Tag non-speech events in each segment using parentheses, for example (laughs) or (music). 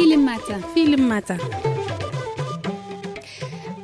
Filin mata. Filin mata.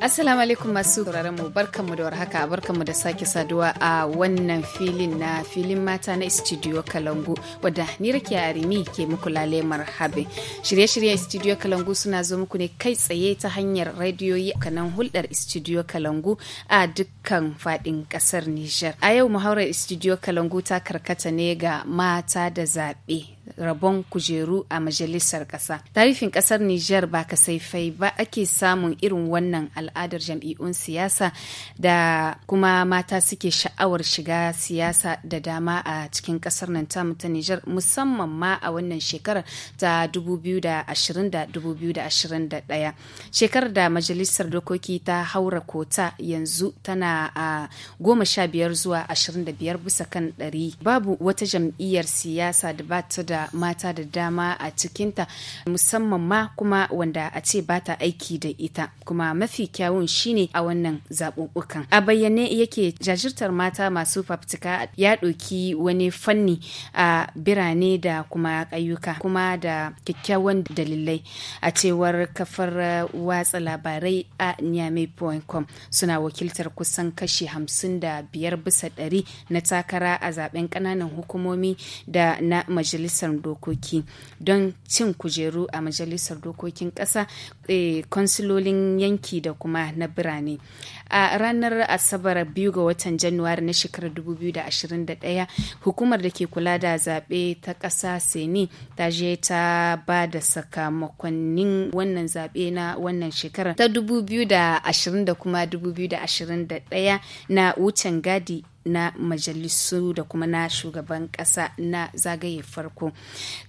Assalamu alaikum masu mu barkanmu da warhaka barkanmu da sake saduwa a wannan filin na filin mata na studio Kalangu wadda ni rake arimi ke muku lale marhabe. Shirye-shiryen studio Kalangu suna zo muku ne kai tsaye ta hanyar radiyoyi kanan hulɗar studio Kalangu a dukkan faɗin ƙasar Nijar. A yau muhaurar studio Kalangu ta karkata ne ga mata da zaɓe rabon kujeru a majalisar ƙasa. Tarifin ƙasar Nijar ba kasaifai ba ake samun irin wannan al'adar jam'i'un siyasa da kuma mata suke sha'awar shiga siyasa da dama a cikin ƙasar nan ta ta Nijar musamman ma a wannan shekarar ta 2020-2021. Shekarar da majalisar dokoki ta haura kota yanzu tana a goma sha biyar zuwa ashirin bisa kan ɗari babu wata jam'iyyar siyasa da ba ta da da mata da dama a cikinta musamman ma kuma wanda a ce ba ta aiki da ita kuma mafi kyawun shine a wannan zaɓuɓɓukan a bayyane yake jajirtar mata masu fafutuka ya ɗauki wani fanni a birane da kuma ƙayyuka kuma da kyakkyawan dalilai a cewar kafar uh, watsa labarai a niamey.com suna wakiltar kusan kashi hamsin da biyar bisa ɗari na takara a zaben ƙananan hukumomi da na majalisar majalisar dokoki don cin kujeru a majalisar dokokin ƙasa eh, konsulolin yanki da kuma na birane a ranar asabar biyu ga watan januwari na shekarar 2021 hukumar da ke kula da zaɓe ta ƙasa seni ta je ta ba da sakamakonnin wannan zaɓe na wannan shekarar ta 2020 da kuma 2021 na wucin gadi na majalisu da kuma na shugaban ƙasa na zagaye farko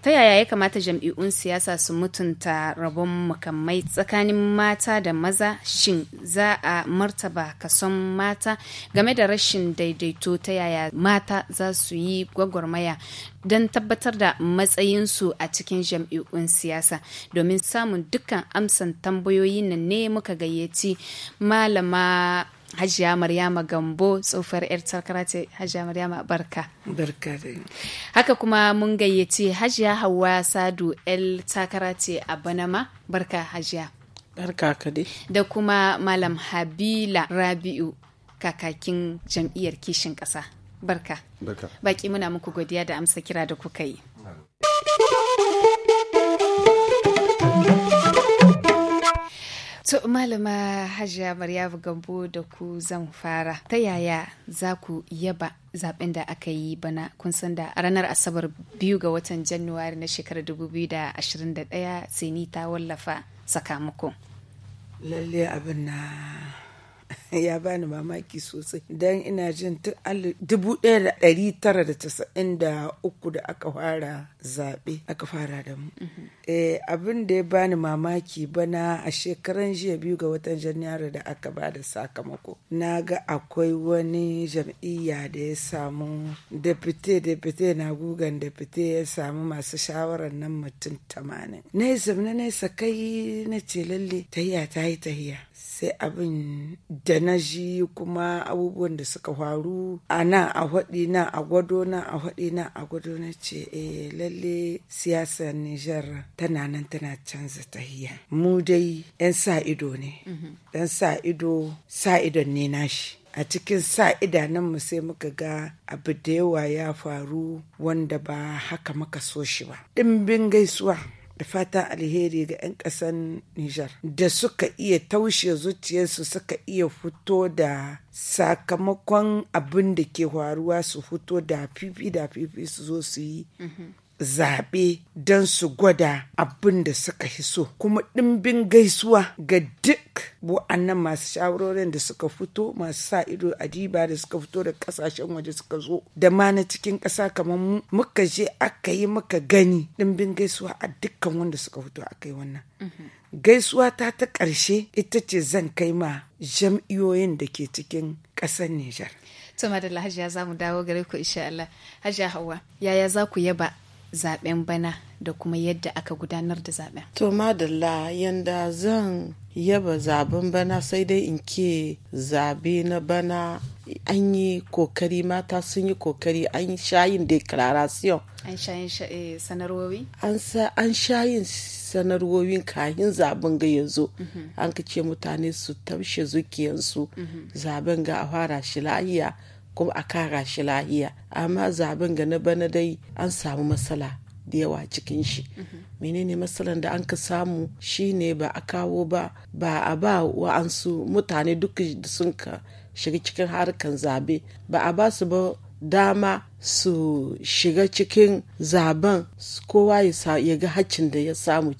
ta yaya ya kamata jam'i'un siyasa su mutunta rabon mukammai tsakanin mata da maza shin za a martaba kason mata game da rashin daidaito ta yaya mata za su yi gwagwarmaya don tabbatar da matsayinsu a cikin jam'i'un siyasa domin samun dukkan amsan tambayoyi nan ne muka gayyaci malama Hajiya Maryama Gambo tsofar 'yar takara ce Hajiya Maryama barka. Barka dai. Haka kuma mun gayyaci Hajiya Hauwa Sadu 'yar takara ce a Banama barka Hajiya. Barka ka dai. Da kuma Malam Habila Rabi'u kakakin jam'iyyar kishin ƙasa. Barka. Barka. Baki muna muku godiya da amsa kira da kuka yi. To malama Hajiya Maryamu Gambo da ku zan fara. Ta yaya za ku yaba zaben da aka yi bana kun san da ranar Asabar biyu ga watan Januwari na shekarar 2021 sai ni ta wallafa sakamako. Lalle abin na (laughs) ya bani mamaki sosai don ina jin dubu ɗaya da tara da casa'in uku da aka fara zaɓe aka fara da mu mm-hmm. eh, abin da ya bani mamaki bana a shekaran jiya biyu ga watan janairu da aka ba da sakamako na ga akwai wani jam'iyya da ya samu dafite dafite na gugan dafite ya samu masu shawarar nan mutum tamanin na yi zamna na yi sakai na ce lalle tahiya ta yi tahiya sai abin da da na ji kuma abubuwan da suka faru a nan a hudu nan a gwado nan a hudu nan a gwado na ce eh lalle siyasar Nijar tana nan tana canza tahiya mu dai 'yan sa ido ne dan mhm. sa ido sa idon ne nashi a cikin sa mu sai muka ga abu da yawa ya faru wanda ba haka muka so shi ba ɗimbin gaisuwa da fata alheri ga 'yan ƙasan Nijar da suka iya taushe zuciyarsu suka iya fito da sakamakon abin da ke faruwa su fito da fifi da fifi su zo su yi mhm. zaɓe don su gwada abin da suka hiso kuma ɗimbin gaisuwa ga duk wa'annan masu shawarorin da suka fito masu sa ido adiba da suka fito da ƙasashen waje suka zo da ma na cikin ƙasa kamar mu muka je aka yi muka gani ɗimbin gaisuwa a dukkan wanda suka fito aka yi wannan mhm. gaisuwa ta ta ƙarshe ita ce zan kai ma jam'iyoyin da ke cikin ƙasar Nijar. Tuma da Hajiya za mu dawo gare ku insha Allah. Hajiya Hauwa, yaya za ku yaba zaben bana da kuma yadda aka gudanar da zaben. To madalla yanda zan yaba zaben bana sai dai in ke zabe na bana an yi kokari mata sun yi kokari an shayin declaration. An shayin eh, sanarwowi? An shayin sanarwowin kahin zaben ga ya zo mhm. an ka ce mutane su tamshe zukiyansu mhm. zaben ga a fara shi lahiya kuma a kara shi lahiya amma zaben ga na bana dai an samu matsala da yawa cikin shi menene matsalan da an ka samu shine ba a kawo ba ba a ba wa'ansu mutane duk da sun ka shiga cikin harkan zabe ba a ba su ba dama su shiga cikin zaben kowa ya ga haccin da ya samu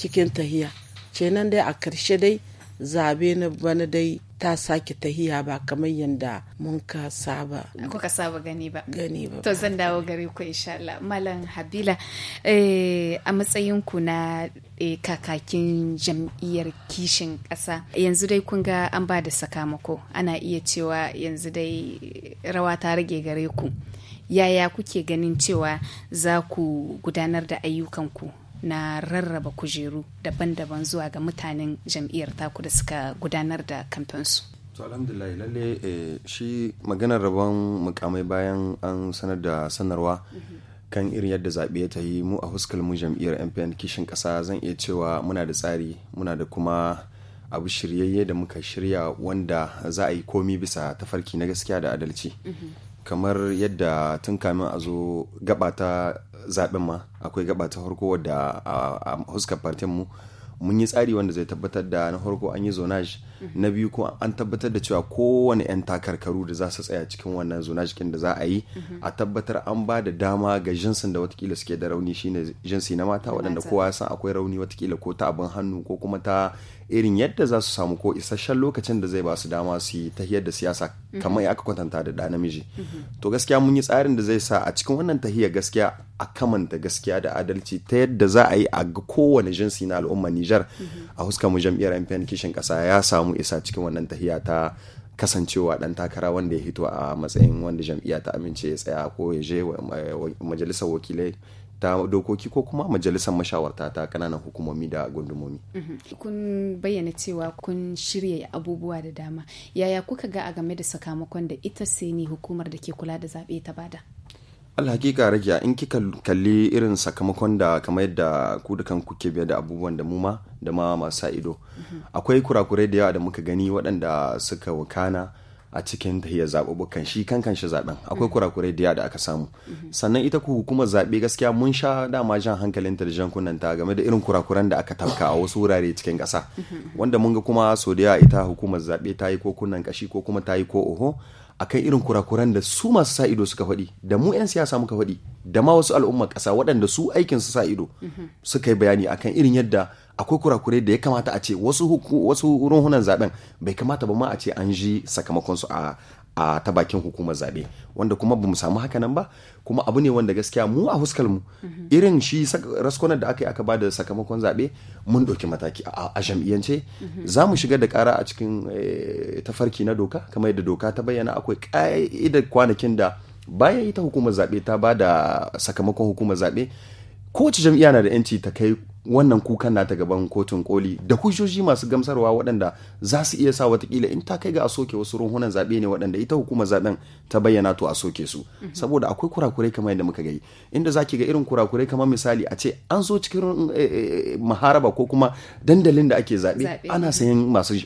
cikin tahiya kenan dai a karshe dai zabe na bana dai ta sake tahiya ba kamar yadda mun ka saba kuka saba gani ba gani ba to zan dawo gare ku insha Allah malam Habila eh, a matsayin ku na eh, kakakin jam'iyyar kishin ƙasa yanzu dai kun ga an ba da sakamako ana iya cewa yanzu dai rawa ta rage gare ku yaya kuke ganin cewa za ku gudanar da ayyukan ku na rarraba kujeru daban-daban zuwa ga mutanen jam'iyyar taku da suka gudanar da kamfansu to alhamdulillah lalle eh, shi maganar rabon mukamai bayan an sanar da sanarwa kan irin yadda zaɓe ya yi mu a huskar mu jam'iyyar mpn kishin ƙasa zan iya cewa muna da tsari muna da kuma abu shiryayye da muka shirya wanda za a yi komi bisa tafarki na gaskiya da adalci mhm. kamar yadda tun kamin a zo gaba ta zaɓen ma akwai gaba ta harko wadda a huskar mu mun yi tsari wanda zai tabbatar da na harko an yi zonage na biyu ko an tabbatar da cewa kowane 'yan takarkaru da za su tsaya cikin wannan zuna cikin da za a yi a tabbatar an ba da dama ga jinsin da watakila suke da rauni shine jinsi na mata waɗanda kowa ya san akwai rauni watakila ko ta abin hannu ko kuma ta irin yadda za su samu ko isasshen lokacin da zai ba su dama su yi tahiyar da siyasa mhm. kamar aka kwatanta da ɗa namiji mhm. to gaskiya mun yi tsarin da zai sa a cikin wannan tahiyar gaskiya a kamanta gaskiya da adalci ta yadda za a yi a kowane jinsi na al'umma Nijar mhm. a huskar mu jam'iyyar MPN kishin kasa ya samu mu isa cikin wannan tahiya ta kasancewa dan takara wanda ya hito a matsayin wanda jam'iyya ta amince ya tsaya ko ya je eh, majalisar wakilai ta dokoki ko kuma majalisar mashawarta ta kananan hukumomi da gundumomi. Mm-hmm. Kun bayyana cewa kun shirya abubuwa da dama. Yaya kuka ga a game da sakamakon da ita sai ni hukumar da ke kula da zaɓe ta bada? alhakika rajiya in kika kalli irin sakamakon da kamar yadda ku da kanku ke biya da abubuwan da muma da ma masu ido akwai kurakurai da yawa da muka gani waɗanda suka wakana a cikin tahiyar zaɓuɓɓukan shi kan kan shi zaɓen akwai kurakurai da yawa da aka samu sannan ita ku hukumar zaɓe gaskiya mun sha dama jan hankalin da jan ta game da irin kurakuran da aka tafka a wasu wurare cikin ƙasa wanda mun ga kuma sau da yawa ita hukumar zaɓe ta yi ko kunnan ƙashi ko kuma ta yi ko oho akan irin kurakuran da su masu sa ido suka faɗi da mu 'yan siyasa muka faɗi da ma wasu al'umma ƙasa waɗanda su aikin su sa ido mhm. suka yi bayani akan irin yadda akwai kurakurai da ya kamata a ce wasu huku, wasu runhunan zaben bai kamata ba ma a ce an ji sakamakon su a a ta bakin hukumar zabe wanda kuma bamu samu hakanan ba kuma abu ne wanda gaskiya mu a huskar mu mhm. irin shi raskonar da aka yi aka ba da sakamakon zabe mun ɗauki mataki a jam'iyyance mhm. za mu shiga da ƙara a cikin eh, tafarki na doka kamar yadda doka ta bayyana akwai ƙa'idar kwanakin da bayan ita hukumar zabe ta ba da sakamakon hukumar zabe kowace jam'iyya na da 'yanci ta kai wannan kukan na ta gaban kotun koli da hujjoji masu gamsarwa waɗanda za su iya sa watakila in ta kai ga a soke wasu runhunan zaɓe ne waɗanda ita hukumar zaɓen ta bayyana to a soke su saboda akwai kurakurai kamar yadda muka gani inda za ki ga irin kurakurai kamar misali a ce an zo cikin eh, eh, eh, maharaba ko kuma dandalin da ake zaɓe ana sayan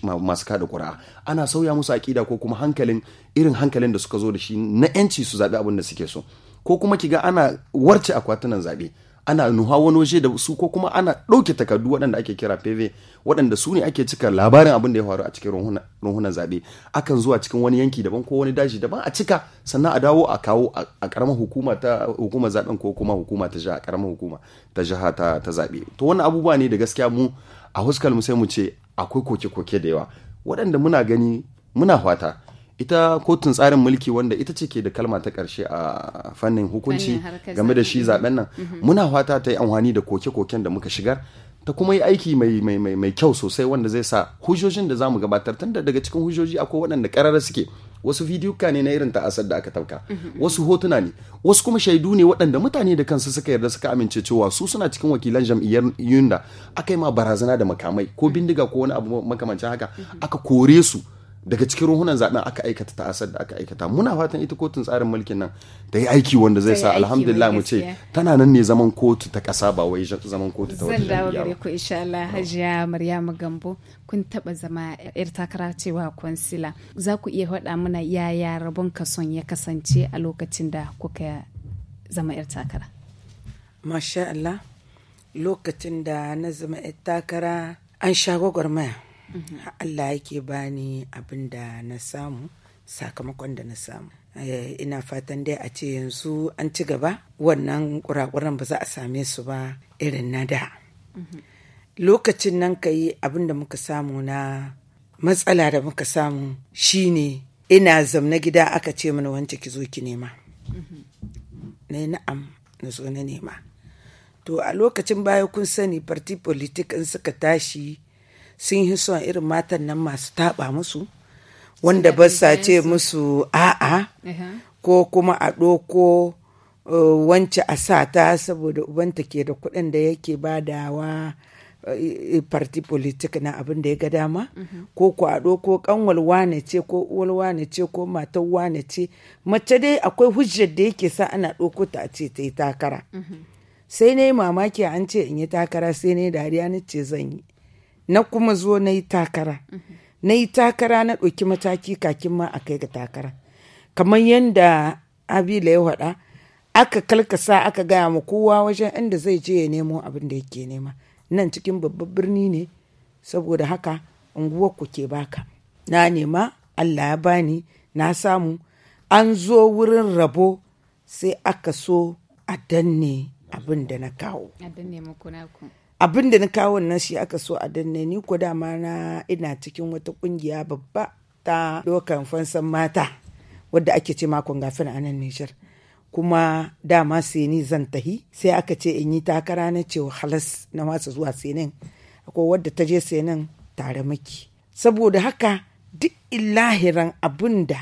masu kaɗa kura'a ana sauya musu aƙida ko kuma hankalin irin hankalin da suka zo da shi na 'yanci su zaɓi abin da suke so ko kuma ki ga ana warce akwatunan zaɓe ana nuha wani waje da su ko kuma ana ɗauke takardu waɗanda ake kira pv waɗanda su ne ake cika labarin abin da ya faru a cikin runhunan zaɓe akan zuwa cikin wani yanki daban ko wani daji daban a cika sannan a dawo a kawo a ƙaramar hukuma ta hukumar zaɓen ko kuma hukuma ta jiha ƙaramar hukuma ta jiha ta, ta zaɓe to wannan abubuwa ne da gaskiya mu a huskar mu sai mu ce akwai koke-koke da yawa waɗanda muna gani muna fata ita kotun tsarin mulki wanda ita ce ke da kalma ta karshe a fannin hukunci game da shi zaben nan mhm. muna fata ta yi amfani da koke-koken da muka shigar ta kuma yi aiki mai, mai, kyau sosai wanda zai sa hujjojin da zamu gabatar tun da daga cikin hujjoji akwai waɗanda ƙarara suke wasu vidiyuka ne na irin ta'asar da aka tauka mhm. wasu hotuna ne wasu kuma shaidu ne waɗanda mutane da kansu suka yarda suka amince cewa su suna cikin wakilan jam'iyyar yunda aka yi ma barazana da makamai ko bindiga ko wani abu makamancin haka mhm. aka kore su daga cikin ruhunan zaben aka aikata ta asar da aka aikata muna fatan ita kotun tsarin mulkin nan ta yi aiki wanda zai sa alhamdulillah mu ce tana nan ne zaman kotu ta kasa ba wai zaman kotu ta wata jami'a zan dawo gare ku insha hajiya Maryamu Gambo kun taba zama yar takara cewa kwansila za ku iya faɗa mana yaya rabon kason ya kasance a lokacin da kuka zama yar takara masha lokacin da na zama yar takara an sha gwagwarmaya Mm-hmm. Allah yake bani abin da na samu sakamakon da na samu eh, ina fatan dai a ce yanzu an ci gaba wannan kurakuran ba za a same su ba irin na da mm-hmm. lokacin nan ka yi abin da muka samu na matsala da muka samu shine ina zamna gida aka ce mana wance ki zo ki nema mm-hmm. na na'am na zo na nema to a lokacin baya kun sani party politics in suka tashi sun yi son irin matan nan masu taɓa musu wanda ba sa ce musu a'a ko kuma a ɗoko uh, wance a sa ta saboda ubanta ke da kuɗin da yake badawa uh, party politik na abin da ya ga dama mhm. ko ku a ɗoko ƙanwal ne ce ko uwalwa ne ce ko matar ne ce mace dai akwai hujjar da yake sa ana ɗoko ta ce ta yi takara mhm. sai na mamaki an ce in yi takara sai na dariya ni ce zan yi na kuma zo na yi takara mhm. na yi takara na ɗauki mataki kakin ma a kai ga takara kamar yadda abila ya faɗa aka kalkasa aka gaya ma kowa wajen inda zai je ya nemo abin da yake nema nan cikin babban birni ne saboda haka unguwar ku ke baka na nema allah ya bani na samu an zo wurin rabo sai aka so a danne abin da na kawo abin da na kawo nan shi aka so a danne ni ko dama na ina cikin wata kungiya babba ta dokan fansan mata wadda ake ce makon gafin a nan Nijar. Kuma dama seni zan tahi sai aka ce in yi takara na ce halas na masa zuwa senin akwai wadda ta je senin tare maki. Saboda haka duk illahiran abin da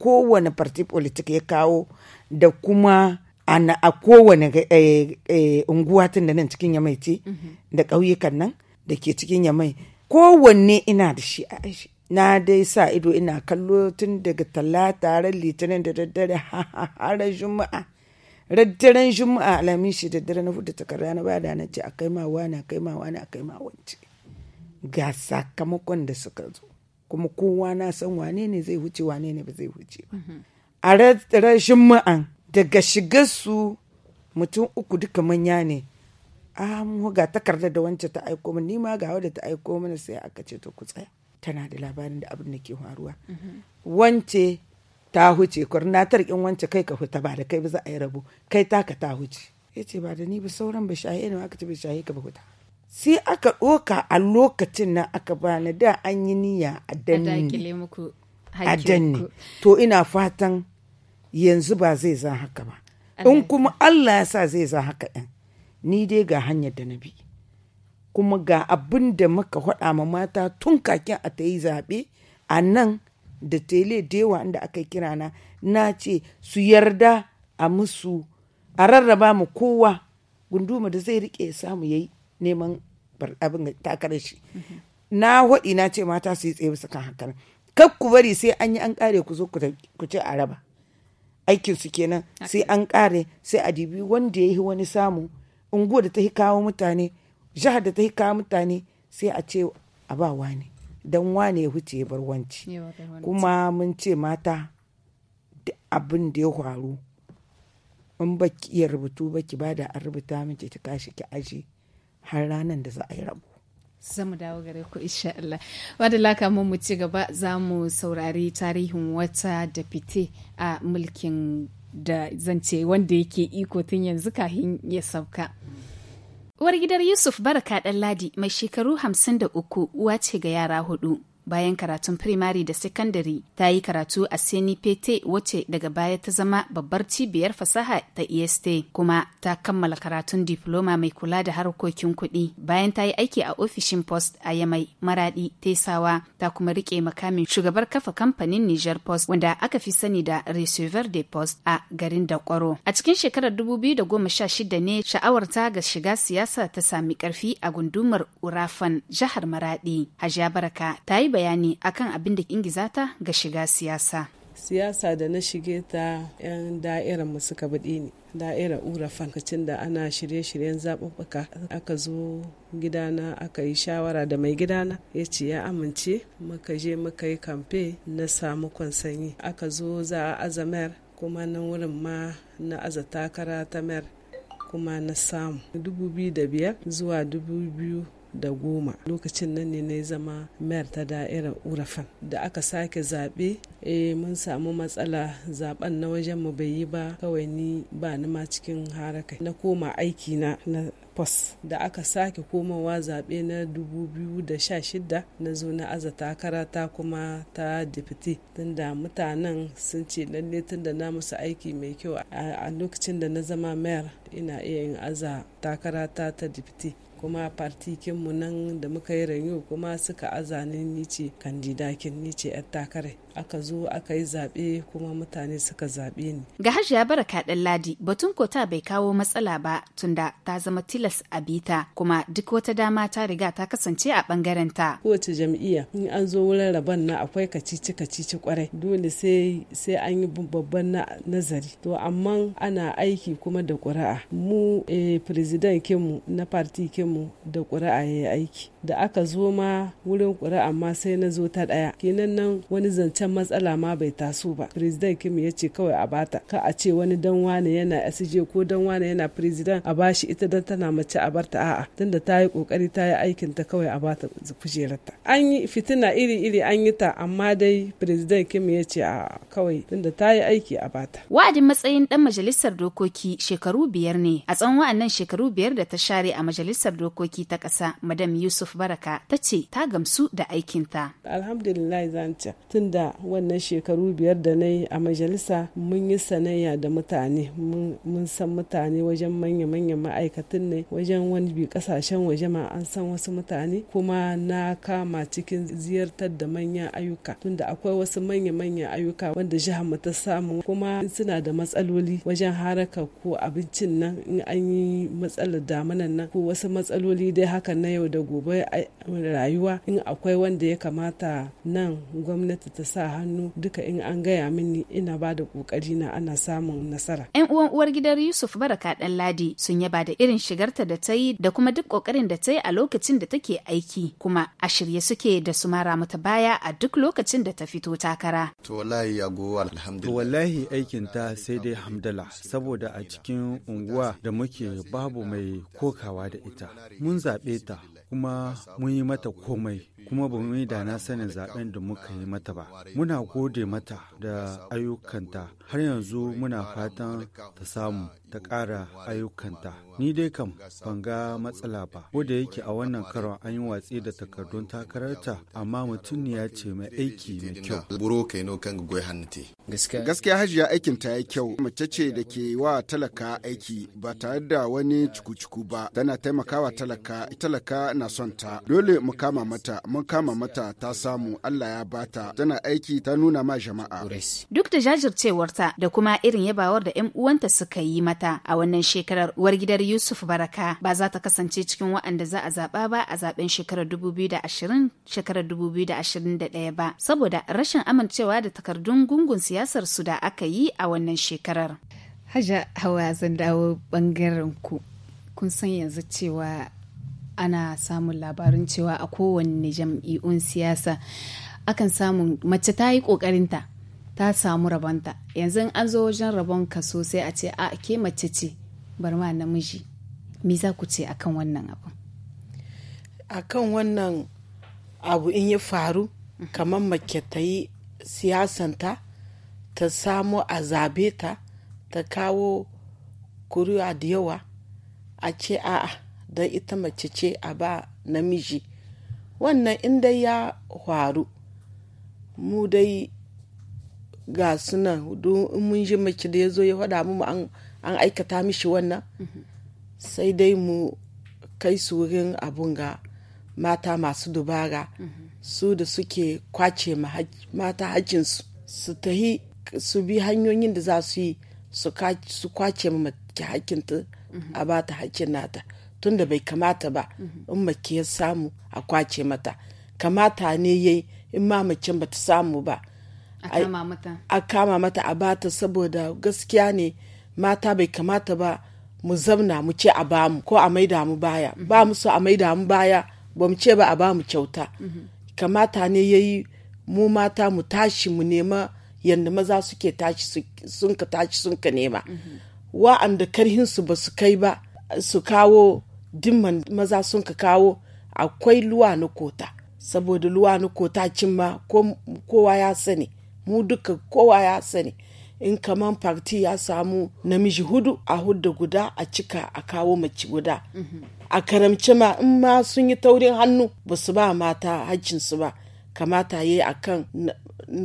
kowane party politik ya kawo da kuma a kowane eh, eh, unguwa tun da nan cikin yamai ce da ƙauyukan nan da ke cikin yamai kowanne ina da shi a shi na dai sa ido ina kallo tun daga talata ran litinin da daddare (laughs) har juma'a raddaren juma'a alamin shi daddare na hudu takarda na bada na ce a kai ma wani a kai ma wani a kai ma wance ga sakamakon da suka zo kuma kowa na san wane ne zai wuce wane ne ba zai wuce ba mm-hmm. a rashin ma'an daga shigarsu mutum uku duka manya ne a mu ga takarda da wance ta aiko mana nima ga wadda ta aiko mana sai aka ce to ku tsaya tana da labarin da abin da ke faruwa mm-hmm. wance ta huce ta in wance kai ka huta ba da kai ba za a yi rabo kai taka ta huce ya ce ba da ni ba sauran ba shaye ne aka ce ba shaye ka ba huta sai aka ɗoka a lokacin nan aka bani da an yi niyya a danni a danni to ina fatan yanzu ba zai zan haka ba in kuma Allah ya sa zai zan haka ɗin ni dai ga hanyar da na bi kuma ga abin da muka faɗa ma mata tun kakin a ta yi zaɓe a nan da tele da yawa inda aka kira na na ce su yarda a musu a rarraba mu kowa gunduma da zai rike samu ya yi neman abin takarar shi mm-hmm. na waɗi na ce mata su yi tsaye bisa kan hankali kar ku bari sai an yi an ƙare ku zo ku ce a raba aikin su kenan sai an kare sai a dibi wanda ya yi wani samu unguwa da ta yi kawo mutane jihar da ta yi kawo mutane sai a ce a ba wani don wane ya huce ya bar wanci kuma mun ce mata da abin da ya faru in baki ki iya rubutu ba ki bada an rubuta ce ta kashi ki aji har ranar da za a yi rabu za mu dawo gare ku insha Allah wadda mu ci gaba za mu saurari tarihin wata da fite a mulkin da zance wanda yake iko tun yanzu kahin ya sauka uwar gidar yusuf baraka ɗanladi mai shekaru 53 uwa ce ga yara hudu bayan karatun firimari da sekandare ta yi karatu a senipete wacce daga baya ta zama babbar cibiyar fasaha ta est kuma ta kammala karatun diploma mai kula da harkokin kuɗi bayan ta yi aiki a ofishin post a yamai maradi tesawa ta kuma riƙe makamin shugabar kafa kamfanin niger post wanda aka fi sani da receiver de post a garin da kwaro a cikin shekarar dubu biyu da goma sha 2016 ne sha'awar ta ga shiga siyasa ta sami ƙarfi a gundumar urafan jihar maradi hajiya baraka ta yi yi bayani akan abin da ingiza ta ga shiga siyasa. Siyasa da na shige ta 'yan mu suka buɗe ni. da'ira urafan kacin da ana shirye-shiryen zaɓuɓɓuka aka zo gidana aka yi shawara da mai gidana ya ce ya amince muka je muka yi kamfe na samu kwansanyi aka zo za a azamar kuma na wurin ma na aza takara ta mer kuma na samu 2005 zuwa biyu. da goma lokacin nan ne na zama mayar ta da'irar urafan da aka sake zaɓe e mun samu matsala zaben na wajen mu bai yi ba kawai ni ba ni ma cikin harakai. na koma aiki na pos da aka sake komawa zaɓe na 2016 na zo na aza takara ta kuma ta deputy tunda mutanen sun ce lalle tunda na musu aiki mai kyau a lokacin da na zama mayar ina iya yin aza takara ta ta deputy kuma mu nan da muka yi rayu kuma suka azanin ni kandidakin ni ce 'yar takarai aka zo aka yi zaɓe kuma mutane suka zaɓe ni. Ga Hajiya Baraka ɗan Ladi batun kota bai kawo matsala ba tunda ta zama tilas a bita kuma duk wata dama ta riga ta kasance a ɓangaren ta. Kowace jam'iyya in an zo wurin rabon na akwai kacici kacici kwarai dole sai sai an yi babban nazari to amma ana aiki kuma da ƙuri'a mu eh, kinmu na parti kinmu da ƙuri'a ya yi aiki. da aka zo ma wurin kuri amma sai na zo ta daya. kenan nan wani zancen matsala ma bai taso ba president kim ya ce kawai a bata ka a ce wani dan wane yana sj ko dan wane yana president a bashi ita dan tana mace a barta a'a tunda ta yi kokari ta yi aikin ta kawai a bata kujerarta an yi fitina iri iri an yi ta amma dai president kim ya ce a kawai tunda ta yi aiki a bata wa'adin matsayin dan majalisar dokoki shekaru biyar ne a tsawon wa'annan shekaru biyar da ta share a majalisar dokoki ta ƙasa madam yusuf Yusuf Baraka ta ce ta gamsu da aikinta. Alhamdulillah zance tun da wannan shekaru biyar da na a majalisa mun yi sanayya da mutane mun san mutane wajen manya-manyan ma'aikatan ne wajen wani bi kasashen waje ma an san wasu mutane kuma na kama cikin ziyartar da manyan ayyuka tunda akwai wasu manya-manyan ayyuka wanda jihar mu ta samu kuma suna da matsaloli wajen haraka ko abincin nan in an yi matsalar damunan nan ko wasu matsaloli dai haka na yau da gobe akwai rayuwa in akwai wanda ya kamata nan gwamnati ta sa hannu duka in an gaya mini ina ba da kokari na ana samun nasara yan uwan uwar gidan yusuf baraka dan ladi sun yaba da irin shigarta da ta yi da kuma duk kokarin da ta yi a lokacin da take aiki kuma a shirye suke da su mara mata baya a duk lokacin da ta fito takara to wallahi go alhamdulillah wallahi aikin ta sai dai hamdala saboda a cikin unguwa da muke babu mai kokawa da ita mun zaɓe ta kuma mun yi mata komai kuma ba mu yi da na sanin zaben da muka yi mata ba muna gode mata da ayyukanta har yanzu muna fatan ta samu ta ƙara ayyukanta. Ni dai kam ban ga matsala ba, ko da yake a wannan karon an yi watsi da takardun takararta amma mutum ya ce mai aiki mai kyau. Gaskiya hajiya aikin ta ya kyau, mace ce da ke wa talaka aiki ba tare da wani cuku-cuku ba, tana taimakawa talaka, talaka na son ta. Dole mu kama mata, mun kama mata ta samu Allah ya bata, tana aiki ta nuna ma jama'a. Duk da jajircewarta da kuma irin yabawar da 'yan uwanta suka yi mata. gabata a wannan shekarar uwar gidar Yusuf Baraka ba za ta kasance cikin waɗanda za a zaɓa ba a zaɓen shekarar 2020 shekarar 2021 ba saboda rashin amincewa da takardun gungun siyasar su da aka yi a wannan shekarar. Haja hawa zan dawo bangaren ku kun san yanzu cewa ana samun labarin cewa a kowane jam'i'un siyasa akan samun mace ta yi ƙoƙarinta ta samu rabonta yanzu an zo wajen rabon ka sosai a ce a ke mace ce bar ma namiji me za ku ce akan wannan abu akan wannan abu in ya faru kamar mace ta yi siyasanta ta samo a zabe ta ta kawo kuri'a da yawa a ce a'a da ita mace ce a ba namiji wannan inda ya faru mu dai ga suna don in mun ji mace da ya zo ya faɗa mu an aikata mishi wannan sai dai mu kai su wurin abun ga mata masu dubara su da suke kwace mata hajjinsu su tahi su bi hanyoyin da za su yi su kwace mace hakinta a ba ta hakin nata tunda bai kamata ba in mace ya samu a kwace mata kamata ne yayi in ma mace bata samu ba a kama mata a bata saboda gaskiya ne mata bai kamata ba mu zamna mu ce a bamu ko a maida mu baya mhm. ba mu so a maida mu baya ba mu ce ba a bamu kyauta mhm. kamata ne yayi mu mata mu tashi mu nema yadda maza suke tashi sun ka tashi sun ka nema mhm. wa'anda karhin wa'anda karhinsu ba su kai ba su kawo dimman maza sun ka kawo akwai luwa na kota saboda luwa na kota cin ma kowa ya sani mu duka kowa ya sani in kaman farti ya samu namiji hudu a hudu guda a cika a kawo mace guda a karamci ma in ma sun yi taurin hannu ba su ba mata su ba kamata ya yi a kan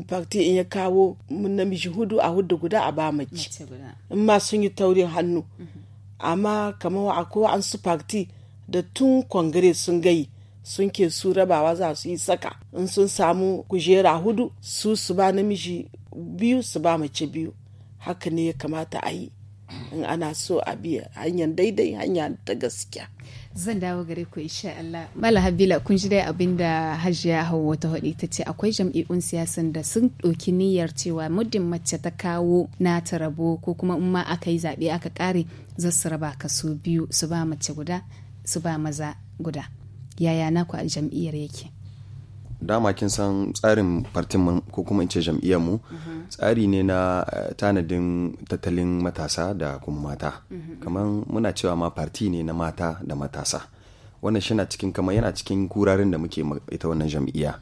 farti in ya kawo namiji hudu a hudu guda a ba mace in ma sun yi taurin hannu mhm. amma kamar akwai an su farti da tun kwangare sun gai sun ke su rabawa za su yi saka in sun samu kujera hudu su su ba namiji biyu su ba mace biyu haka ne ya kamata a yi in ana so a biya hanyar daidai hanya ta gaskiya zan dawo gare ku insha Allah mala habila kun ji dai abin da hajiya hau ta hudi ta ce akwai jam'iyyun siyasan da sun ɗauki niyyar cewa muddin mace ta kawo na ta rabo ko kuma in ma aka yi zaɓe aka ƙare za su raba kaso biyu su ba mace guda su ba maza guda yaya naku a jam'iyyar yake dama kin san tsarin partin mu ko kuma in ce jam'iyyar mu tsari ne na eh, tanadin tattalin matasa da kuma mata mhm. kamar muna cewa ma farti ne na mata da matasa wannan shi na cikin kamar yana cikin gurarin da muke ita wannan jam'iyya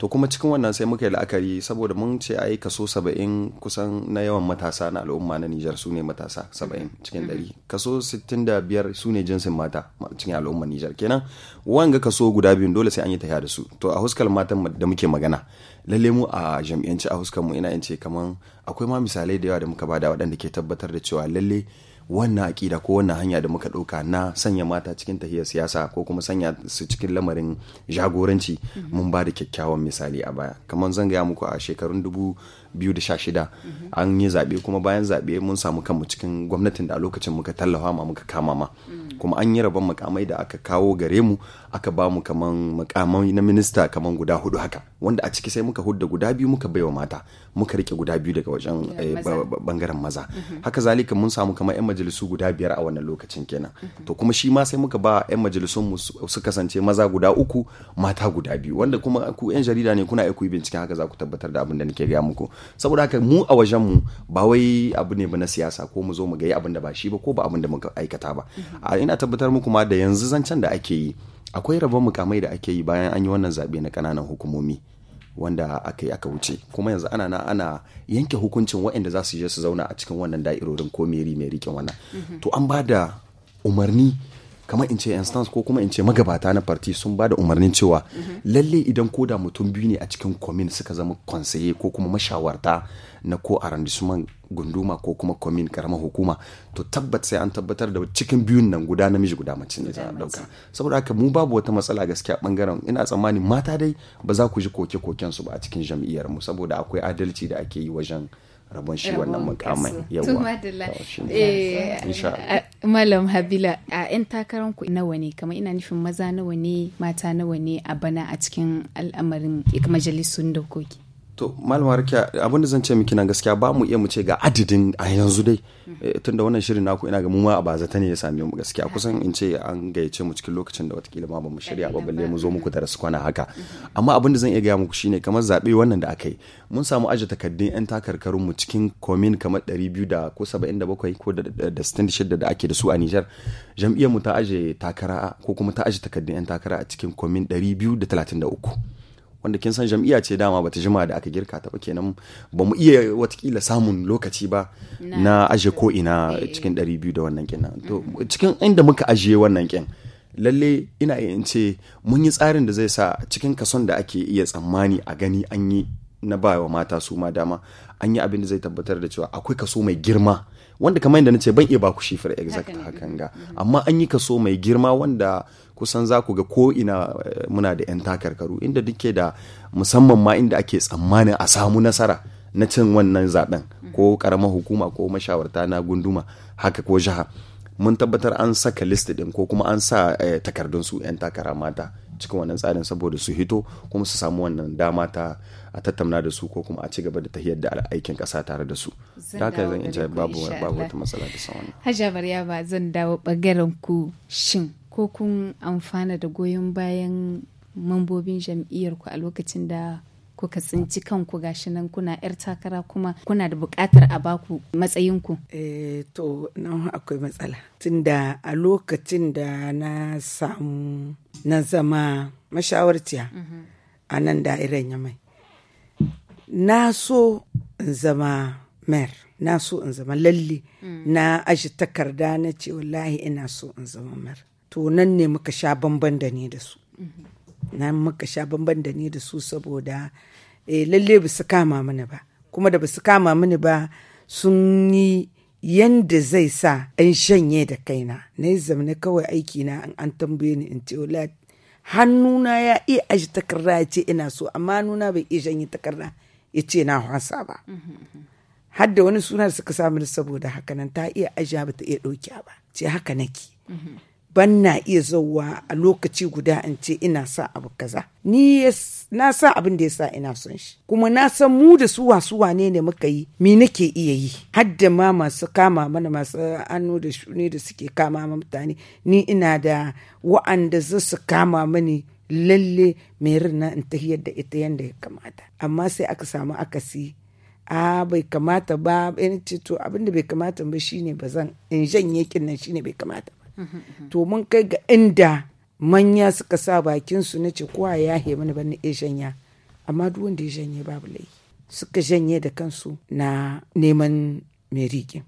to kuma cikin wannan sai muka yi la'akari saboda mun ce ai kaso saba'in kusan na yawan matasa na al'umma na Nijar su ne matasa saba'in cikin ɗari kaso sittin da biyar su ne jinsin mata cikin al'umma Nijar kenan wanga kaso guda biyun dole sai an yi tafiya da su to a huskar matan da muke magana lalle mu a jam'iyyanci a huskar mu ina in ce kamar akwai ma misalai da yawa da muka bada waɗanda ke tabbatar da cewa lalle wannan aƙida ko wannan hanya da muka ɗauka na sanya mata cikin tahiyar siyasa ko kuma sanya su cikin lamarin jagoranci mhm. mun ba da kyakkyawan misali a baya kamar zan gaya muku a shekarun dubu biyu da sha shida mhm. an yi zaɓe kuma bayan zaɓe mun samu kanmu cikin gwamnatin da a lokacin muka tallafa ma muka kama ma mhm. kuma an yi rabon mukamai da aka kawo gare mu aka ba mu kaman makaman na minista kaman guda hudu haka wanda a ciki sai muka hudda guda biyu muka baiwa mata muka rike guda biyu daga wajen bangaren eh, maza mhm. haka zalika mun samu kaman yan majalisu guda biyar a wannan lokacin kenan mhm. to kuma shi ma sai muka ba yan majalisun mu su kasance maza guda uku mata guda biyu wanda kuma ku yan jarida ne kuna aiki binciken haka za ku tabbatar da abin da nake gaya muku saboda haka mu a wajen mu ba wai abu ne ba na siyasa ko mu zo mu ga abin da ba shi ba ko ba abin da muka aikata ba mhm. ina tabbatar muku ma da yanzu zancen da ake yi akwai rabon mukamai da ake yi bayan an yi wannan zaɓe na ƙananan hukumomi wanda aka yi aka wuce kuma yanzu ana na ana yanke hukuncin waɗanda za su je su zauna a cikin wannan da'irorin ko meri mai riƙe wannan mhm. to an ba da umarni kamar in ce instance ko kuma in ce magabata na parti sun ba da umarnin cewa lalle idan ko da mutum biyu ne a cikin commune suka zama kwansaye ko kuma mashawarta na ko arrondissement gunduma ko kuma commune karamar hukuma to tabbat sai an tabbatar da cikin biyun nan guda namiji guda mace ne za dauka saboda haka mu babu wata matsala gaskiya bangaren ina tsammani mata dai ba za ku ji koke koken su ba a cikin jam'iyyar mu saboda akwai adalci da ake yi wajen rabon shi wannan mukamai yawa Malam Habila, a 'yan takarar ku nawa ne, kamar ina nufin maza nawa ne, mata nawa ne a bana a cikin al'amarin majalisun dokoki. to malama abin da zan ce miki nan gaskiya ba mu iya mu ce ga adadin a yanzu dai eh, tunda wannan shirin naku ina ga mu ma a ta ne ya same mu gaskiya kusan in ce an gayyace mu cikin lokacin da watakila ma ba mu shirya ba balle mu zo muku da rasu kwana haka amma abin da zan iya gaya muku shine kamar zabe wannan da aka yi mun samu aje takardun yan takarkarun mu cikin komin kamar 200 da ko 77 ko da 66 da ake da su a Niger jam'iyyar mu ta aje takara ko kuma ta aje takardun yan takara a cikin komin 233 wanda kin san jam'iyya ce dama bata jima da aka girka ta ba kenan ba mu iya watakila samun lokaci ba na aje ko ina eh. cikin ɗari biyu da wannan kin to mm. cikin inda muka ajiye wannan kin lalle ina iya in ce mun yi tsarin da zai sa cikin kason da ake iya tsammani a gani an yi na ba wa mata su ma dama an yi abin da zai tabbatar da cewa akwai kaso mai girma wanda kamar yadda na ce ban iya ba ku shifar exact hakan ga mm-hmm. amma an yi kaso mai girma wanda kusan za ku ga ko ina eh, muna da 'yan takarkaru inda duke da musamman ma inda ake tsammanin a samu nasara na cin wannan zaben ko karamar hukuma ko mashawarta na gunduma haka ko jiha mun tabbatar an saka list din ko kuma an sa eh, takardun su 'yan takara mata cikin wannan tsarin saboda su hito kuma su samu wannan dama ta a tattauna da su ko kuma a ci da tahiyar da aikin kasa tare da su haka zan iya babu wata matsala da sauran hajjabar yaba zan dawo bangaren ku shin ko kun amfana da goyon bayan mambobin jam'iyyarku a lokacin da kuka tsinci kanku gashi nan kuna 'yar takara kuma kuna da bukatar a baku matsayinku? Eh to nan akwai matsala. Tunda a lokacin da na samu na zama mashawarciya mhm. a nan da'irar yamai. Na so in zama mayor, na so in zama lalle, mm. na aji takarda na ce wallahi ina so in zama mayor. to nan ne muka sha bamban da ni da su nan muka sha bamban da ni da su saboda eh, lalle ba su kama mini ba kuma da ba su kama mini ba sun yi yanda zai sa an shanye da kaina na yi zamani kawai aiki na an tambaye ni in ce hannuna ya iya aji takarda ya ce ina so amma nuna bai iya shanye takarda ya ce na hwasa ba har wani suna suka samu saboda hakanan nan ta iya ajiya ba ta iya ɗauki ba ce haka nake ban na iya zauwa a lokaci guda in ce ina sa abu kaza ni na sa abin da ya sa ina son shi kuma na san mu da su wasu wane ne muka yi me nake iya yi hadda ma masu kama mana masu hannu da shuni da suke kama ma mutane ni ina da wa'anda za su kama mani lalle mai rina in ta da ita yadda ya kamata amma sai aka samu akasi a bai kamata ba in ce to abin da bai kamata ba shine ba zan in janye kin nan shine bai kamata to mun kai ga inda manya suka sa bakin su na ce kowa ya he mana ban iya janya amma duk wanda ya shanye babu lai suka shanye da kansu na neman mai rigin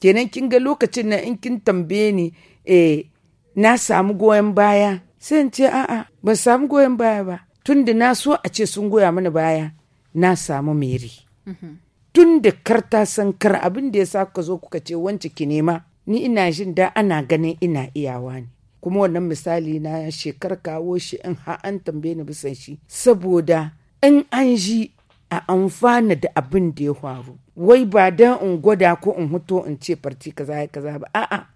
kenan kin ga lokacin na in kin tambaye ni eh na samu goyon baya sai in ce a'a ban samu goyon baya ba tunda na so a ce sun goya mana baya na samu meri tunda da kar ta san kar abin da ya sa kuka zo kuka ce wance ki nema ni ina jin da ana ganin ina iyawa ne kuma wannan misali na shekar kawo shi in ha an tambaye ni bisan shi saboda in an ji a amfana da abin da ya faru wai ba dan in gwada ko in huto in ce farti kaza kaza ba a'a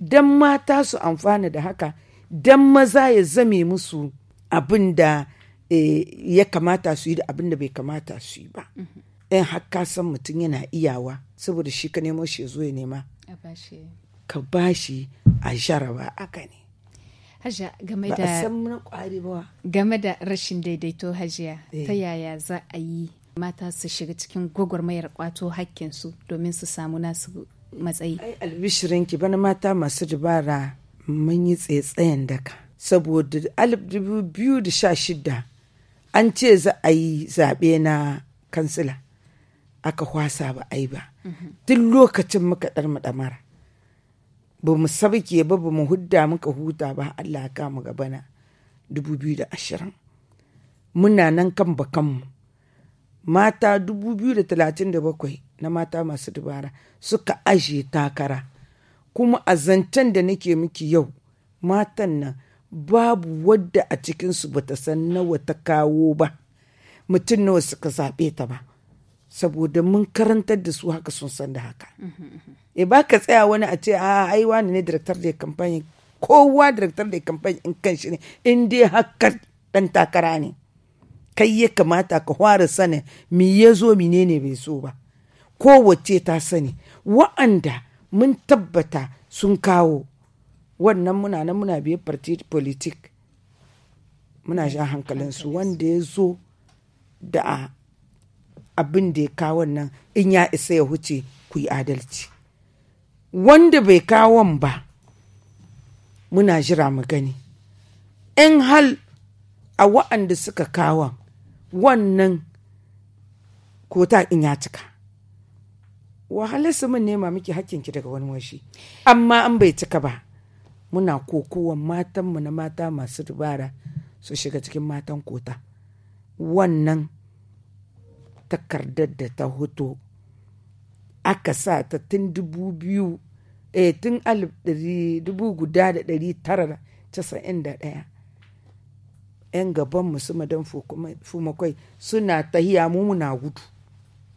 dan mata su amfana da haka dan maza ya zame musu abin da eh, ya kamata su yi da abin da bai kamata su yi ba mm-hmm. in har ka san mutum yana iyawa saboda shi ka nemo shi ya zo ya nema ka bashi a jaraba haka ne Hajiya game da game da rashin daidaito Hajiya eh. ta yaya za a yi mata su shiga cikin gwagwarmayar kwato su domin su samu nasu matsayi. Ai albishirinki bana mata masu dubara mun yi tsaye-tsayen daka. Saboda alif dubu biyu da sha shida an ce za a yi zaɓe na kansila. aka kwasa ba ai ba duk lokacin muka dar mu damara ba mu sabike ba ba mu hudda muka huta ba Allah ya kama na 2020 muna nan kan bakanmu mata 2037 na mata masu dubara suka aje takara kuma a zancen da nake miki yau matan nan babu wadda a cikinsu bata san nawa ta kawo ba mutum nawa suka zaɓe ta ba saboda mun karantar da su haka sun san da haka e ba ka tsaya wani a ce a ah, ai wani ne director da kamfani kowa director da kamfani in kan shi ne in dai haka dan takara ne kai ya kamata ka fara sanin mi ya zo ne bai so ba kowace ta sani wa'anda mun tabbata sun kawo wannan muna nan muna biye party politik muna sha hankalinsu wanda ya zo da a. abin da ya kawo nan in ya isa ya huce ku yi adalci wanda bai kawon ba muna jira mu gani in hal a wa'anda suka kawon wannan kota in ya cika su mun nema miki ki daga wani washi amma an bai cika ba muna kokowan matanmu na mata masu dubara su shiga cikin matan kota wannan takardar da ta hoto aka sa ta tun dubu biyu eh tun alif dubu guda da ɗari tara casa'in da ɗaya 'yan gaban su madan fumakwai suna tahiya mu muna gudu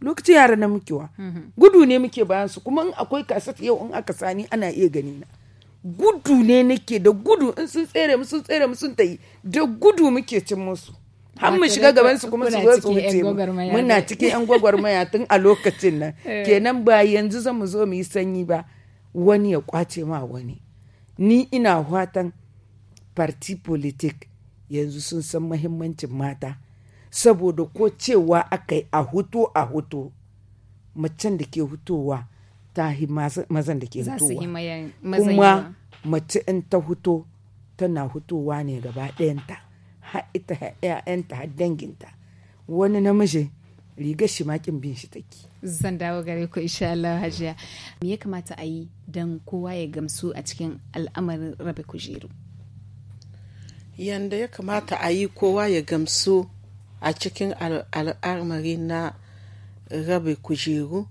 lokacin yara na mukewa mhm. gudu ne muke bayan su kuma in akwai kasa yau in aka sani ana iya gani na gudu ne nake da gudu in sun tsere mu sun tsere mu sun tayi da gudu muke cin musu har mu shiga gaban su kuma su zo su wuce mu muna cikin yan gwagwarmaya tun a lokacin nan (laughs) eh. kenan ba yanzu zan mu zo mu yi sanyi ba wani ya kwace ma wani ni ina fatan parti politik yanzu sun san mahimmancin mata saboda ko cewa aka yi a hutu a hutu macen da ke hutowa ta hi mazan da ke hutowa kuma mace in ta huto tana hutowa ne gaba ɗayanta ita har danginta wani namiji rigar shi makin bin shi take zan dawo gare ku insha Allah hajiya me ya kamata a yi dan kowa ya gamsu a cikin al'amarin rabe kujeru yanda ya kamata a yi kowa ya gamsu a cikin al'amari na rabe kujeru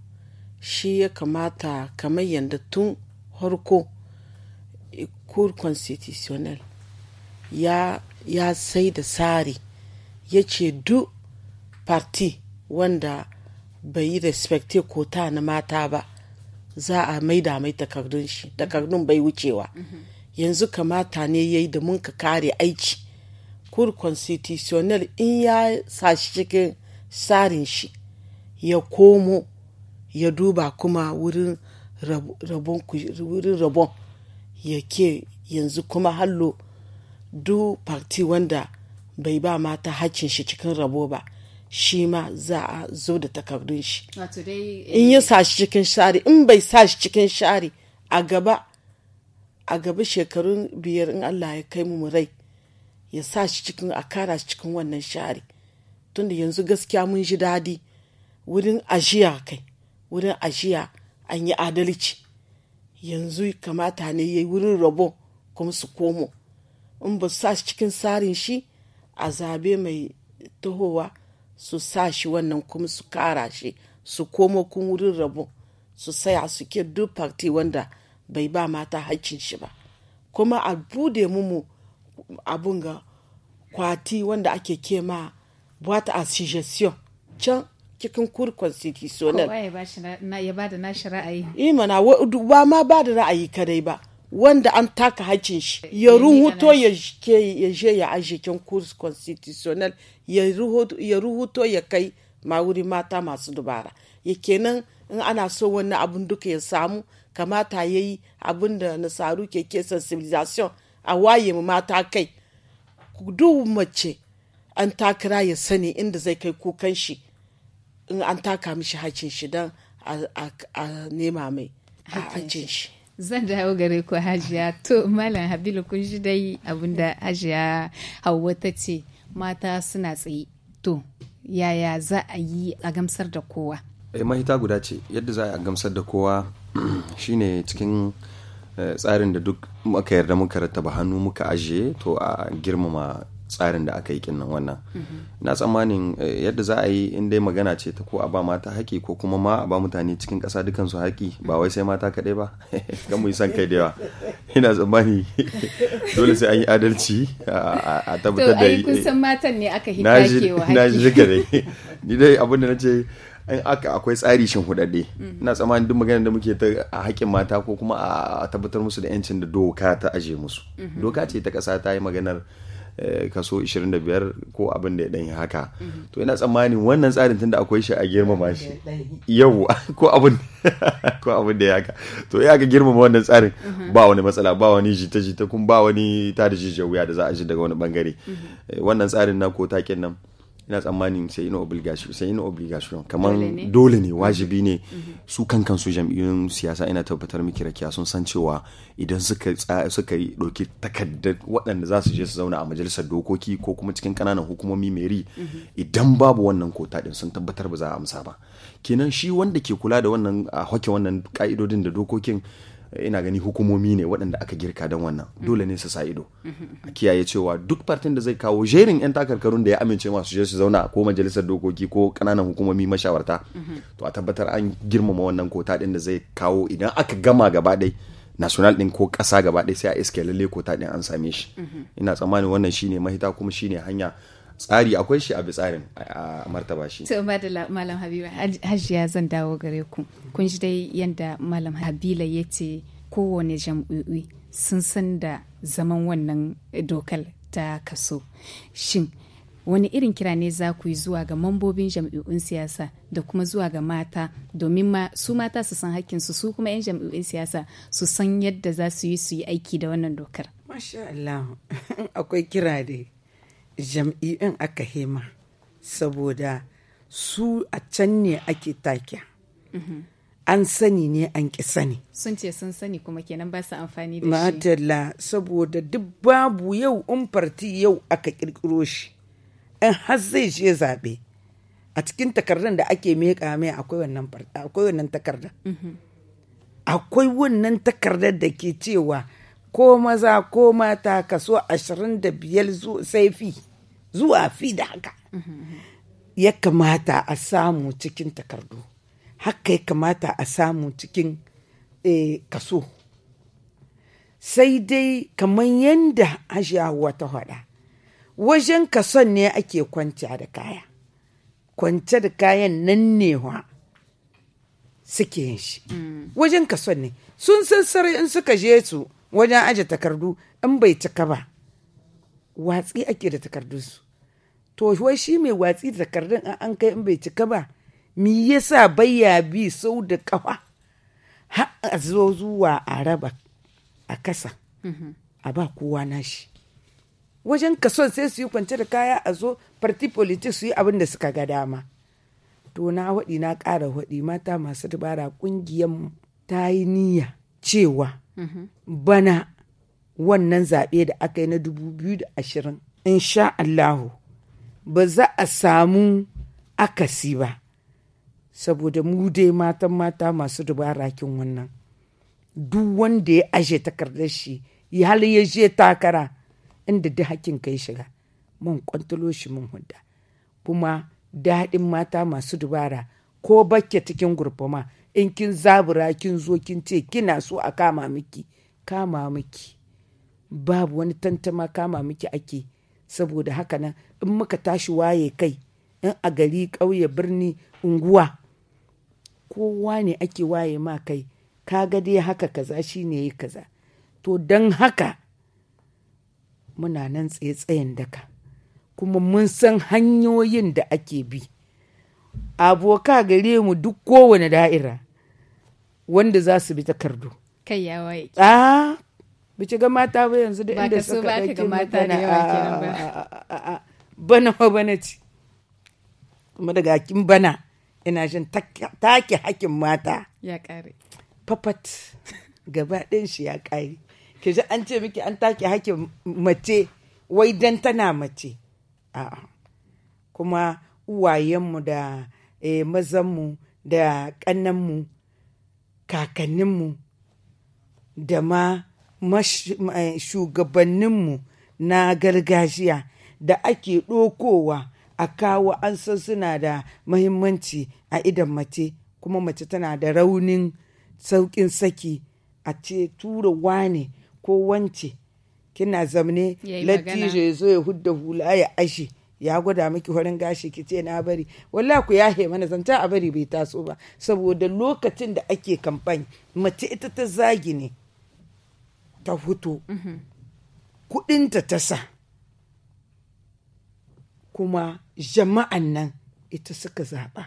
shi ya kamata kamar yanda tun harko cour constitutionnel ya ya sai da tsari ya ce duk parti wanda bai yi respecte kota na mata ba za a maida mai takardun shi takardun bai wucewa mm-hmm. yanzu kamata ne ya yi da mun ka kare aiki kur constitutional in ya sashi cikin tsarin shi ya komo ya duba kuma wurin rabon ya ke yanzu kuma hallo duk parti wanda bai ba mata haccin shi cikin rabo ba shi ma za a zo da takardun shi in ya eh, sa shi cikin shari in bai sa shi cikin shari a gaba a gaba shekarun biyar in Allah ya kai mu rai ya sa shi cikin a kara shi cikin wannan shari tunda yanzu gaskiya mun ji daɗi wurin ajiya kai wurin ajiya an yi adalci yanzu kamata ne ya yi wurin rabo kuma su komo in ba su sa shi cikin tsarin shi a zabe mai tahowa su sa shi wannan kuma su kara shi su komo kun wurin rabo su saya su ke duk fati wanda bai ba mata haƙƙin shi ba kuma a bude mu abun ga kwati wanda ake kema wata a suggestion can cikin kur constitutional ya ba da nashi ra'ayi ima eh na ba ma ba da ra'ayi kadai ba wanda an taka hakin shi eh, ya eh, ruhuto ya je ya a jikin constitutional ya ruhuto ya kai ma mata masu dubara ya kenan in ana so wani abun duka ya samu kamata ya yi abin da nasaru ke keke sensibilisation a waye mata kai duk mace an takara ya sani inda zai kai kukan shi in an taka mishi hacin shi don a nema mai hacin shi zan dawo gare ku hajiya to malam habilu kun ji dai abinda hajiya hauwa ta ce mata suna tsaye to yaya za a yi a gamsar da kowa eh mahita guda ce yadda za a gamsar da kowa (clears throat) shine cikin eh, tsarin da duk muka yarda muka rattaba hannu muka ajiye to a girmama tsarin da aka yi kinnan wannan mhm. na tsammanin eh, yadda za a yi in dai magana ce ta ko a ba mata haƙi ko kuma ma a ba mutane cikin ƙasa dukan su haƙi ba wai sai mata kaɗai ba (laughs) kan mu yi san kai da yawa ina tsammani (laughs) dole sai an yi adalci a tabbatar da yi kusan matan ne aka hita kewa na ji (laughs) dai ni dai abin da na ce in aka akwai tsari shin hudadde mhm. ina tsammanin duk magana da muke ta a haƙƙin mata ko kuma a tabbatar musu da 'yancin da doka ta aje musu mhm. doka ce ta ƙasa ta yi maganar Eh, kaso 25 ko abin da ya ɗanyi haka to ina tsammanin wannan tsarin tunda akwai shi a girmama shi yau (laughs) ko abin (laughs) ko abin da ya haka to ya ga girmama wannan tsarin mhm. ba wani matsala ba wani jita jita kun ba wani tada jijiyar wuya da za a ji daga wani bangare mhm. eh, wannan tsarin na ko takin nan ina tsammanin sai ina obligation sai ina obligation kamar dole ne wajibi ne mhm. Mhm. su kankan su jam'iyyun siyasa ina tabbatar miki rakiya sun san cewa idan suka suka yi doki takardar waɗanda za su je su zauna a majalisar dokoki ko kuma cikin kananan hukumomi meri mhm. idan babu wannan kota din sun tabbatar ba za a amsa ba kenan shi wanda ke kula da wannan a hake wannan ka'idodin da dokokin ina gani hukumomi ne waɗanda aka girka don wannan dole ne su sa ido a kiyaye cewa duk partin da zai kawo jerin 'yan takarkarun da ya amince masu je su zauna ko majalisar dokoki ko kananan hukumomi mashawarta to a tabbatar an girmama wannan kota ɗin da zai kawo idan aka gama gaba ɗai national ɗin ko ƙasa gaba ɗai sai a iske lalle kota ɗin an same shi ina tsammanin wannan shine mahita kuma shine hanya tsari akwai shi a bi tsarin a martaba shi to madalla malam habiba hajiya zan dawo gare ku kun ji dai yadda malam habila ya ce kowane jam'ui sun san da zaman wannan dokar ta kaso shin wani irin kira ne za ku yi zuwa ga mambobin jam'i'un siyasa da kuma zuwa ga mata domin ma su mata su san hakkinsu su kuma 'yan jam'i'un siyasa su san yadda za su yi su yi aiki da wannan dokar. Masha Allah (laughs) akwai kira dai jam'i'in aka hema saboda su a can ne ake takiya mhm. an sani ne an ƙi sani sun ce sun sani kuma kenan ba su amfani da shi matalla saboda duk babu yau in farti yau aka kirkiro shi in har zai je zaɓe a cikin takardar da ake meƙa mai akwai wannan takardar mhm. akwai wannan takardar da ke cewa ko maza ko mata kaso 25 sai fi zuwa fi da haka ya kamata a samu cikin takardu haka ya kamata a samu cikin eh, kaso sai dai kamar yadda hajiyawa ta hada wajen kason ne ake kwanta da kaya kwance da kayan nan ne suke yin shi wajen kason ne sun san sarai in suka je su wajen aje takardu in bai cika ba watsi ake da takardunsu to wai shi mai watsi da takardun an kai in bai cika ba mi yasa bayya bi sau da kafa har a zuwa a raba a kasa mhm. a ba kowa nashi wajen kason sai su yi kwance da kaya a zo party politics su yi abin da suka ga dama to na waɗi na ƙara waɗi mata masu dabara ƙungiyar ta yi niyya cewa mhm. bana wannan zaɓe da aka yi na dubu biyu 2020 insha Allahu ba za a samu akasi ba saboda mu dai matan mata masu dubara kin wannan duk wanda ya aje takardar shi ya hali ya je takara inda da hakin kai shiga mun kwantalo shi mun hudda kuma daɗin mata masu dubara ko bakke cikin gurfama in kin zabura kin zo kin ce kina so a kama miki kama miki babu wani tantama kama miki ake saboda haka nan in muka tashi waye kai in a gari ƙauye birni unguwa kowa ne ake waye ma kai ka ga dai haka kaza shi ne ya kaza to don haka muna nan tsaye-tsayen daka kuma mun san hanyoyin da ake bi aboka gare mu duk kowane da'ira wanda za su bi takardu bice ga mata ba yanzu da inda suka mata ne a bana ba bana ci kuma daga kin bana ina jin take hakin mata ya kare papat gaba ɗin shi ya kare ke ji an ce miki an take hakin mace wai dan tana mace a'a kuma uwayenmu da eh, mazanmu da ƙannanmu kakanninmu da ma Eh, shugabanninmu na gargajiya da ake ɗokowa a kawo an san suna da mahimmanci a idan mace kuma mace tana da raunin sauƙin saki a ce tura wane ko wance kina zamne lattijo ya zo ya hudda hula ya ashe ya gwada miki horin gashi ki ce na bari walla ku ya yahe mana zanta a bari bai taso ba saboda lokacin da ake kamfani mace ita ta zagi ne ta fito mm-hmm. kudinta ta sa kuma jama'an nan ita suka zaɓa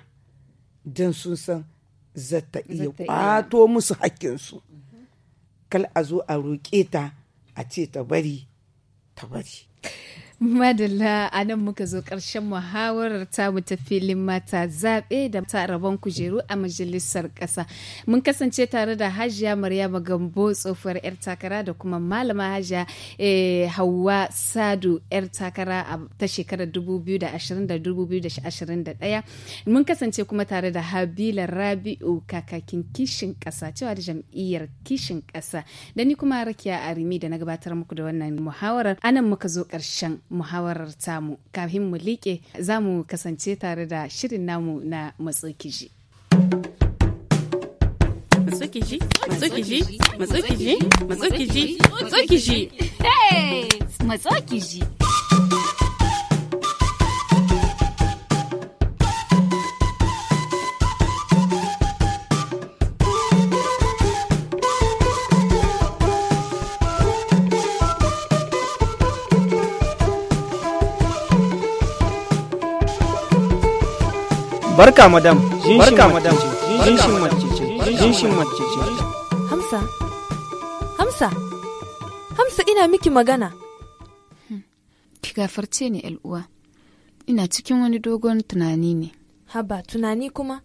don sun san zata iya ƙwato musu hakkinsu kal a zo a roƙe ta a ce ta bari ta bari Madalla a nan muka zo ƙarshen muhawarar tamu ta filin mata zaɓe da ta rabon kujeru a majalisar ƙasa. Mun kasance tare da Hajiya Maryama Gambo tsofar 'yar takara da kuma Malama Hajiya eh, Hauwa Sadu 'yar takara ta shekarar 2020-2021. Mun kasance kuma tare da Habila Rabi'u kakakin kishin ƙasa cewa da jam'iyyar kishin ƙasa. Da ni kuma Rakiya Arimi da na gabatar muku da wannan muhawarar. anan muka zo ƙarshen muhawarar tamu kafin mu liƙe za mu kasance tare da shirin namu na matsokiji. Matsokiji, matsokiji, matsokiji, matsokiji, matsokiji. Hey! Matsokiji. barka madam barka madam jinshin mace ce jinshin mace hamsa hamsa hamsa ina miki magana ki gafarce ni uwa ina cikin wani dogon tunani ne haba tunani kuma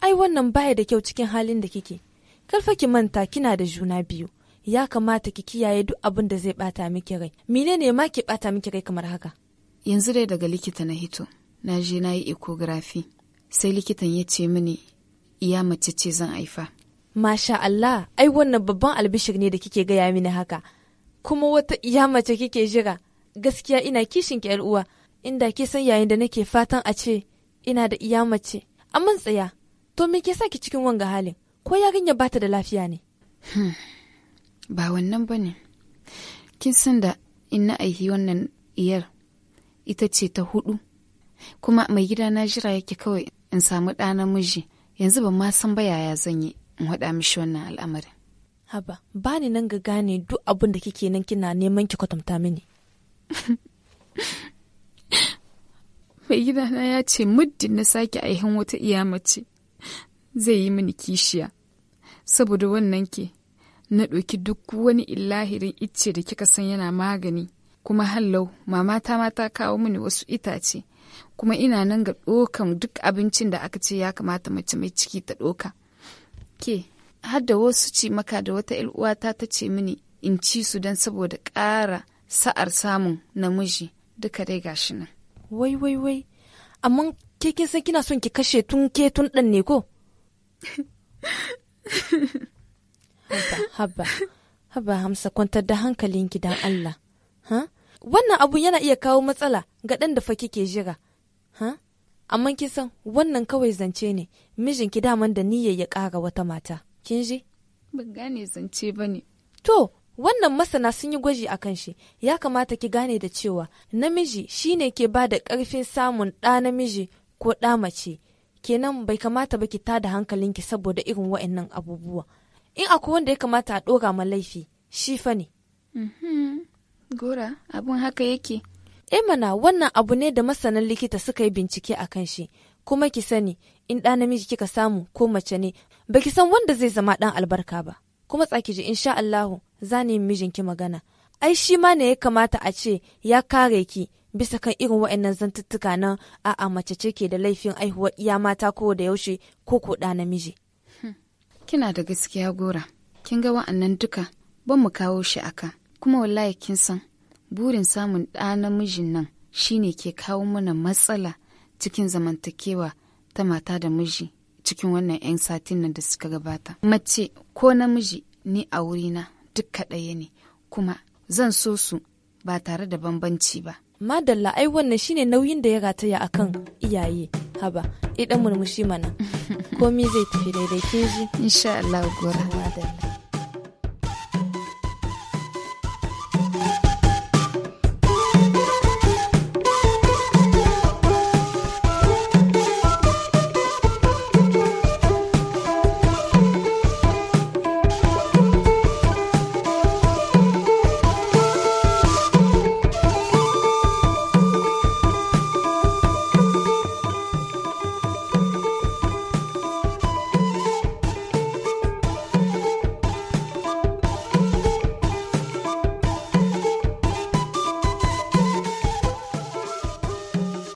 ai wannan baya da kyau cikin halin da kike karfa ki manta kina da juna biyu ya kamata ki kiyaye duk abin da zai bata miki rai menene ma ki bata miki rai kamar haka yanzu dai daga likita na hito na je na yi ecography sai likitan ya ce mini iya mace ce zan haifa. Masha Allah, ai wannan babban albishir ne da kike gaya mini haka, kuma wata iya mace kike jira, gaskiya ina kishin ki uwa, inda ke san yayin da nake fatan a ce ina da iya mace. Amman tsaya, to me ke ki cikin wanga halin, ko yarinya bata da lafiya ne? Hmm, ba wannan ba ne. Kin san da in na aihi wannan iyar ita ce ta hudu, kuma mai gida na jira yake kawai in samu ɗa namiji yanzu ban ma san ba yaya zan yi in haɗa mishi wannan al'amarin. Haba, ba ni nan ga gane duk abin da kike nan kina neman ki kwatanta mini. (laughs) Mai na ya ce muddin na sake aihin wata iya mace zai yi mini kishiya. Saboda wannan ke, na ɗauki duk wani illahirin icce da kika san yana magani, kuma hallau mamata mata ta kawo mini wasu itace kuma ina nan ga ɗokan duk abincin da aka ce ya kamata mace mai ciki ta ɗoka ke har da wasu ci maka da wata uwata ta ce mini in ci su don saboda ƙara sa'ar samun namiji duka dai gashi nan wai wai wai amma ke kin san kina son ki kashe tun ke tun ɗan ne ko (laughs) haba haba haba hamsa kwantar da hankalinki dan Allah ha wannan abu yana iya kawo matsala ga ɗan da fa ke jira amma kin san wannan kawai zance ne mijinki daman da niyyar ya ƙara wata mata kin ji ban gane zance ba ne to wannan masana sun yi gwaji a kan shi ya kamata ki gane da cewa namiji shi ne ke ba da ƙarfin samun ɗa namiji ko ɗa mace kenan bai kamata ba ki ta da hankalinki saboda irin wa'annan abubuwa in akwai wanda ya kamata a ɗora ma laifi shi fa ne. Mhm. Gora, abun haka yake. emana eh mana wannan abu ne da masanan likita suka yi bincike a kan shi, kuma ki sani in ɗa namiji kika samu ko mace ne, baki san wanda zai zama ɗan albarka ba. Kuma tsaki ji insha Allahu za ni mijinki magana. Ai shi ma ne ya kamata a ce ya kare ki bisa kan irin wa'annan zantuttuka nan a'a mace ce ke da laifin aihuwar iya mata ko da yaushe ko ko ɗa namiji. Hmm. Kina da gaskiya gora, kin ga wa'annan duka ban mu kawo shi aka. kuma wallahi kin san burin samun ɗa namijin nan shine ke kawo mana matsala cikin zamantakewa ta mata da miji cikin wannan 'yan satin nan da suka gabata mace ko namiji ni a wurina duk kaɗaya ne kuma zan so su ba tare da bambanci ba madalla ai wannan shine nauyin da ya rataya akan iyaye haba idan murmushi mana (laughs) komi zai tafi daidai kin ji insha Allah gora madalla